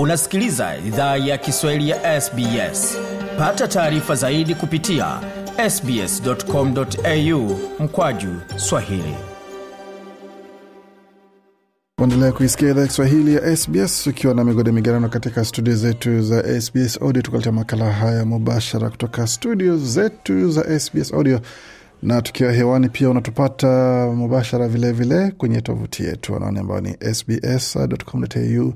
unasikiliza idhaa ya kiswahili ya sbs pata taarifa zaidi kupitia sbscomau mkwaju swahili Uendelea kuisikia idhaa Kiswahili ya SBS ukiwa na migode migarano katika studio zetu za SBS Audio, tukaleta makala haya mubashara kutoka studio zetu za SBS Audio na tukiwa hewani pia unatupata mubashara vilevile vile kwenye tovuti yetu, anaoni ambayo ni sbs.com.au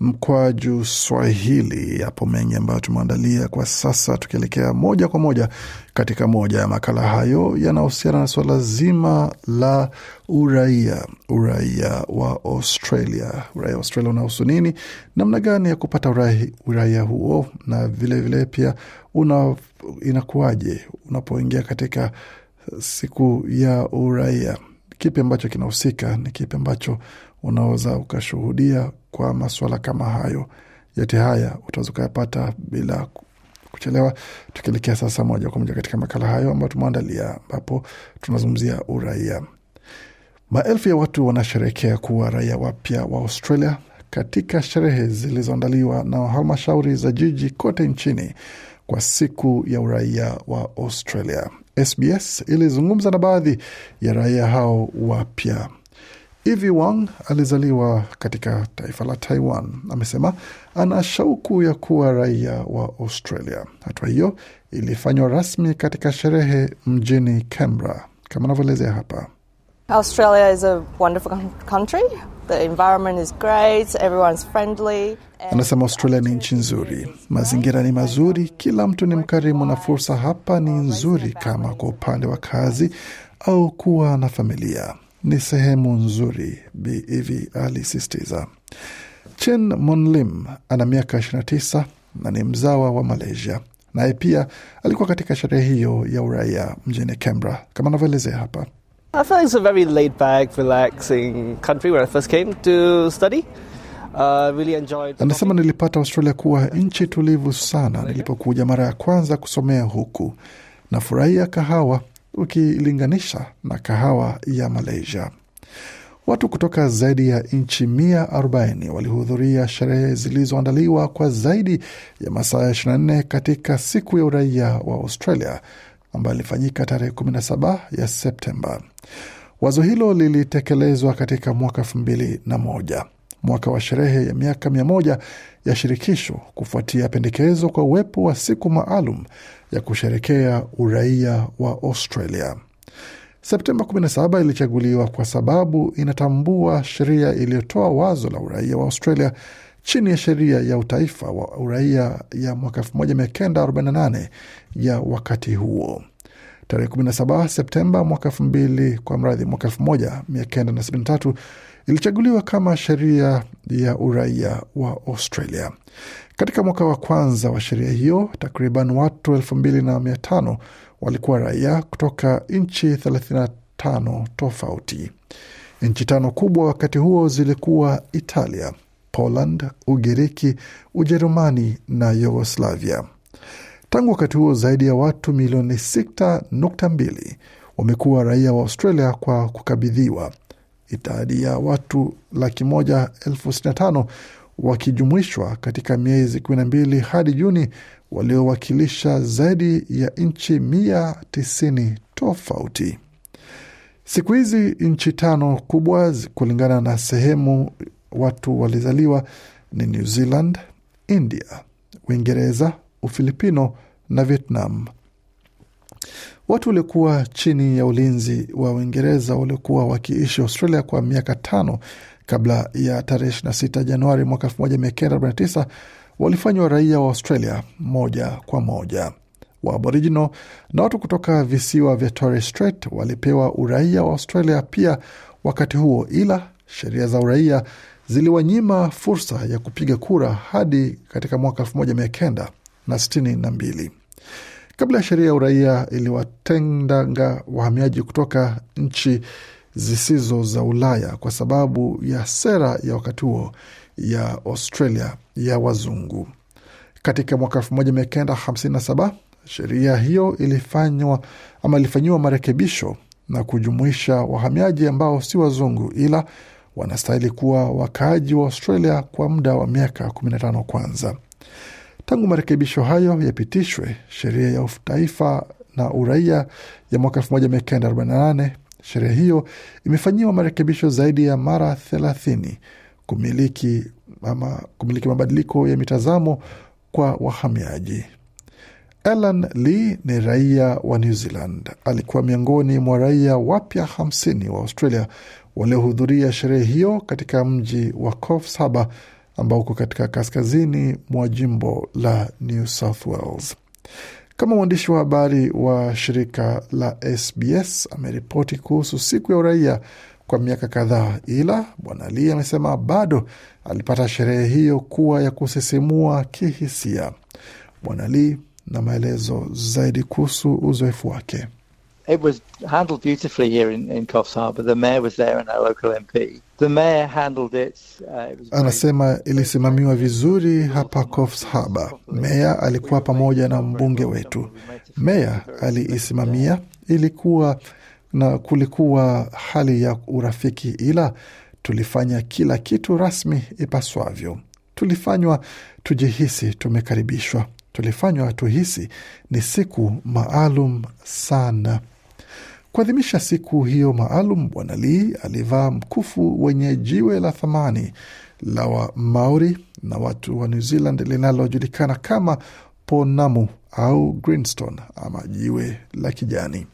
mkwaju Swahili. Yapo mengi ambayo tumeandalia kwa sasa, tukielekea moja kwa moja katika moja ya makala hayo yanahusiana na suala zima la uraia, uraia wa Australia. Uraia wa Australia unahusu nini, namna gani ya kupata uraia, uraia huo, na vilevile vile pia una, inakuwaje unapoingia katika siku ya uraia, kipi ambacho kinahusika, ni kipi ambacho unaweza ukashuhudia kwa maswala kama hayo. Yote haya utaweza ukayapata bila kuchelewa, tukielekea sasa moja kwa moja katika makala hayo ambayo tumeandalia, ambapo tunazungumzia uraia. Maelfu ya watu wanasherehekea kuwa raia wapya wa Australia katika sherehe zilizoandaliwa na halmashauri za jiji kote nchini kwa siku ya uraia wa Australia. SBS ilizungumza na baadhi ya raia hao wapya. Ivy Wang alizaliwa katika taifa la Taiwan. Amesema ana shauku ya kuwa raia wa Australia. Hatua hiyo ilifanywa rasmi katika sherehe mjini Canberra, kama anavyoelezea hapa. Australia is a wonderful country. The environment is great, everyone's friendly. Anasema Australia ni nchi nzuri, mazingira ni mazuri, kila mtu ni mkarimu na fursa hapa ni nzuri, kama kwa upande wa kazi au kuwa na familia ni sehemu nzuri, Bi Ivi e alisisitiza. Chen Monlim ana miaka 29 na ni mzawa wa Malaysia. Naye pia alikuwa katika sherehe hiyo ya uraia mjini Canberra, kama anavyoelezea hapa. Anasema nilipata Australia kuwa nchi tulivu sana nilipokuja mara ya kwanza kusomea huku, na furahia kahawa ukilinganisha na kahawa ya Malaysia. Watu kutoka zaidi ya nchi mia arobaini walihudhuria sherehe zilizoandaliwa kwa zaidi ya masaa 24 katika siku ya uraia wa Australia ambayo ilifanyika tarehe 17 ya Septemba. Wazo hilo lilitekelezwa katika mwaka elfu mwaka wa sherehe ya miaka 1 ya shirikisho, kufuatia pendekezo kwa uwepo wa siku maalum ya kusherekea uraia wa Australia. Septemba 17 ilichaguliwa kwa sababu inatambua sheria iliyotoa wazo la uraia wa Australia chini ya sheria ya utaifa wa uraia ya mwaka 1948 ya wakati huo. Tarehe 17 Septemba mwaka 2 kwa mradhi mwaka 1973 ilichaguliwa kama sheria ya uraia wa Australia. Katika mwaka wa kwanza wa sheria hiyo, takriban watu elfu mbili na mia tano walikuwa raia kutoka nchi 35 tofauti. Nchi tano kubwa wakati huo zilikuwa Italia, Poland, Ugiriki, Ujerumani na Yugoslavia. Tangu wakati huo zaidi ya watu milioni 6.2 wamekuwa raia wa Australia kwa kukabidhiwa idadi ya watu laki moja elfu sitini na tano wakijumuishwa katika miezi kumi mbili hadi Juni, waliowakilisha zaidi ya nchi mia tisini tofauti. Siku hizi nchi tano kubwa kulingana na sehemu watu walizaliwa ni New Zealand, India, Uingereza, Ufilipino na Vietnam. Watu waliokuwa chini ya ulinzi wa Uingereza waliokuwa wakiishi Australia kwa miaka tano kabla ya tarehe 26 Januari mwaka 1949 walifanywa raia wa Australia moja kwa moja. aboriginal na watu kutoka visiwa vya Torres Strait walipewa uraia wa Australia pia wakati huo, ila sheria za uraia ziliwanyima fursa ya kupiga kura hadi katika mwaka 1962 kabla ya sheria ya uraia iliwatendanga wahamiaji kutoka nchi zisizo za Ulaya kwa sababu ya sera ya wakati huo ya Australia ya wazungu. Katika mwaka saba sheria hiyo ilifanywa ama ilifanyiwa marekebisho na kujumuisha wahamiaji ambao si wazungu ila wanastahili kuwa wakaaji wa Australia kwa muda wa miaka 15 kwanza. Tangu marekebisho hayo yapitishwe, sheria ya taifa na uraia ya mwaka 1948 sheria hiyo imefanyiwa marekebisho zaidi ya mara thelathini kumiliki, ama kumiliki mabadiliko ya mitazamo kwa wahamiaji. Alan Lee ni raia wa New Zealand, alikuwa miongoni mwa raia wapya hamsini wa Australia waliohudhuria sherehe hiyo katika mji wa Coffs Harbour ambao uko katika kaskazini mwa jimbo la New South Wales. Kama mwandishi wa habari wa shirika la SBS ameripoti kuhusu siku ya uraia kwa miaka kadhaa, ila Bwana Lee amesema bado alipata sherehe hiyo kuwa ya kusisimua kihisia. Bwana Lee na maelezo zaidi kuhusu uzoefu wake it was handled beautifully here in, in Coffs Harbour. The mayor was there and our local MP. The mayor handled it. Uh, it was anasema ilisimamiwa vizuri hapa Coffs Harbour. Meya alikuwa pamoja na mbunge wetu. Meya aliisimamia, ilikuwa na kulikuwa hali ya urafiki, ila tulifanya kila kitu rasmi ipaswavyo. Tulifanywa tujihisi tumekaribishwa, tulifanywa tuhisi ni siku maalum sana. Kuadhimisha siku hiyo maalum, Bwana Lee alivaa mkufu wenye jiwe la thamani la wa maori na watu wa New Zealand linalojulikana kama ponamu au greenstone ama jiwe la kijani.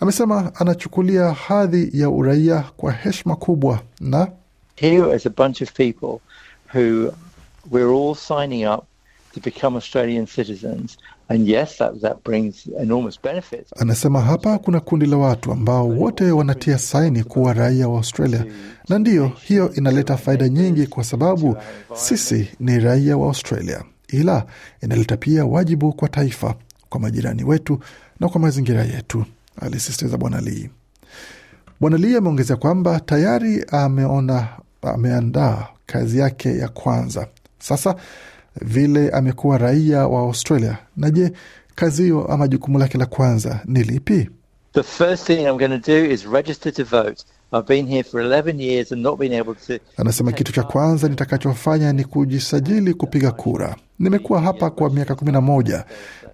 Amesema anachukulia hadhi ya uraia kwa heshima kubwa na Here is a bunch of people who we're all signing up to become Australian citizens And yes, that, that brings enormous benefits. Anasema hapa kuna kundi la watu ambao wote wanatia saini kuwa raia wa Australia, na ndiyo hiyo inaleta faida nyingi, kwa sababu sisi ni raia wa Australia, ila inaleta pia wajibu kwa taifa, kwa majirani wetu na kwa mazingira yetu, alisisitiza Bwana Lee. Bwana Lee ameongezea kwamba tayari ameona ameandaa kazi yake ya kwanza sasa vile amekuwa raia wa Australia. Na je, kazi hiyo ama jukumu lake la kwanza ni lipi? Anasema kitu cha kwanza nitakachofanya ni kujisajili kupiga kura. Nimekuwa hapa kwa miaka 11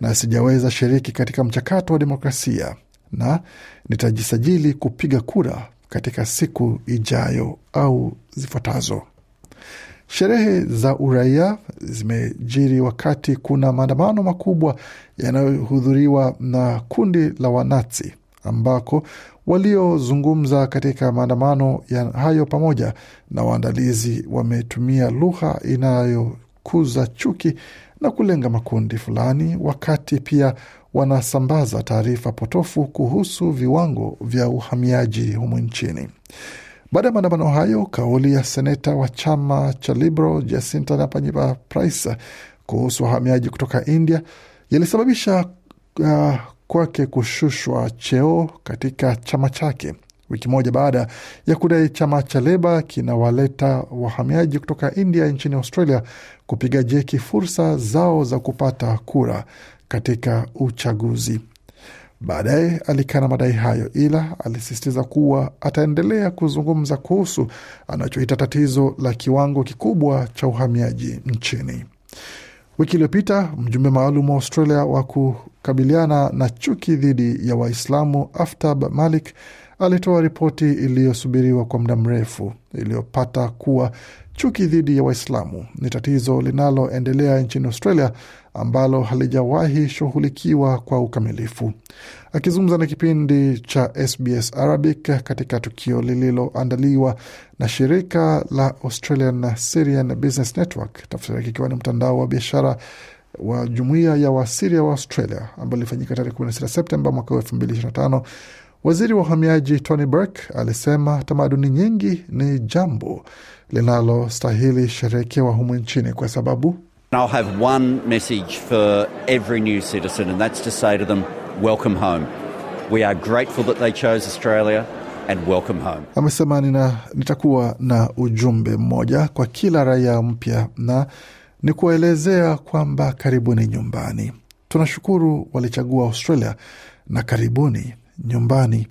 na sijaweza shiriki katika mchakato wa demokrasia, na nitajisajili kupiga kura katika siku ijayo au zifuatazo. Sherehe za uraia zimejiri wakati kuna maandamano makubwa yanayohudhuriwa na kundi la Wanazi ambako waliozungumza katika maandamano hayo pamoja na waandalizi wametumia lugha inayokuza chuki na kulenga makundi fulani, wakati pia wanasambaza taarifa potofu kuhusu viwango vya uhamiaji humu nchini. Baada ya maandamano hayo, kauli ya seneta wa chama cha Liberal Jacinta Napanyipa Price kuhusu wahamiaji kutoka India yalisababisha uh, kwake kushushwa cheo katika chama chake wiki moja baada ya kudai chama cha Leba kinawaleta wahamiaji kutoka India nchini Australia kupiga jeki fursa zao za kupata kura katika uchaguzi. Baadaye alikana madai hayo, ila alisisitiza kuwa ataendelea kuzungumza kuhusu anachoita tatizo la kiwango kikubwa cha uhamiaji nchini. Wiki iliyopita mjumbe maalum wa Australia wa kukabiliana na chuki dhidi ya Waislamu Aftab Malik alitoa ripoti iliyosubiriwa kwa muda mrefu iliyopata kuwa Chuki dhidi ya Waislamu ni tatizo linaloendelea nchini Australia ambalo halijawahi shughulikiwa kwa ukamilifu. Akizungumza na kipindi cha SBS Arabic katika tukio lililoandaliwa na shirika la Australian Syrian Business Network, tafsiri yake ikiwa ni mtandao wa biashara wa jumuiya ya Wasiria wa Australia, ambayo ilifanyika tarehe 16 Septemba mwaka 2025 Waziri wa uhamiaji Tony Burke alisema tamaduni nyingi ni jambo linalostahili sherehekewa humu nchini kwa sababu amesema nina, nitakuwa na ujumbe mmoja kwa kila raia mpya na ni kuwaelezea kwamba karibuni nyumbani. Tunashukuru walichagua Australia na karibuni nyumbani.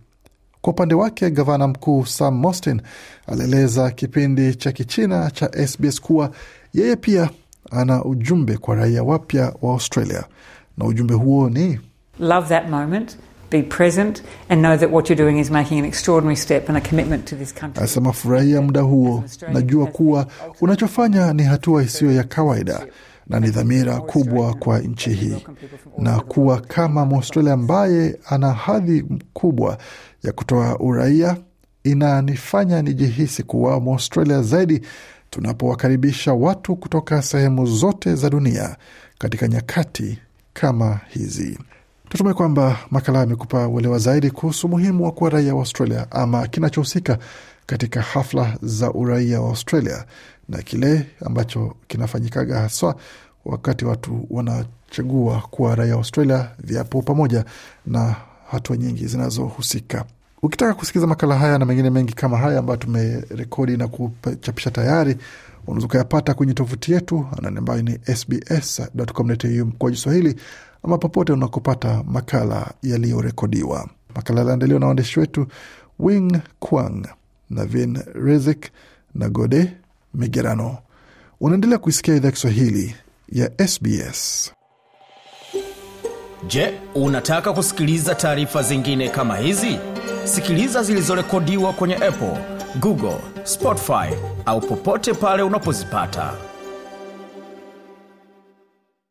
Kwa upande wake gavana mkuu Sam Mostyn alieleza kipindi cha Kichina cha SBS kuwa yeye pia ana ujumbe kwa raia wapya wa Australia, na ujumbe huo ni Love that moment. Asema furahia muda huo, najua kuwa unachofanya ni hatua isiyo ya kawaida na ni dhamira kubwa kwa nchi hii na kuwa kama Mwaustralia ambaye ana hadhi kubwa ya kutoa uraia, inanifanya nijihisi kuwa Mwaustralia zaidi tunapowakaribisha watu kutoka sehemu zote za dunia katika nyakati kama hizi. Tutumai kwamba makala yamekupa uelewa zaidi kuhusu umuhimu wa kuwa raia wa Australia ama kinachohusika katika hafla za uraia wa Australia na kile ambacho kinafanyikaga haswa wakati watu wanachagua kuwa raia wa Australia, viapo pamoja na hatua nyingi zinazohusika. Ukitaka kusikiza makala haya na mengine mengi kama haya ambayo tumerekodi na kuchapisha tayari, unaweza ukayapata kwenye tovuti yetu anani ambayo ni sbs.com.au mkoa Swahili, ama popote unakopata makala yaliyorekodiwa. Makala yaliandaliwa na waandishi wetu Wing Kwang Navin Rizik na Gode Migerano. Unaendelea kuisikia idhaa Kiswahili ya SBS. Je, unataka kusikiliza taarifa zingine kama hizi? Sikiliza zilizorekodiwa kwenye Apple, Google, Spotify au popote pale unapozipata.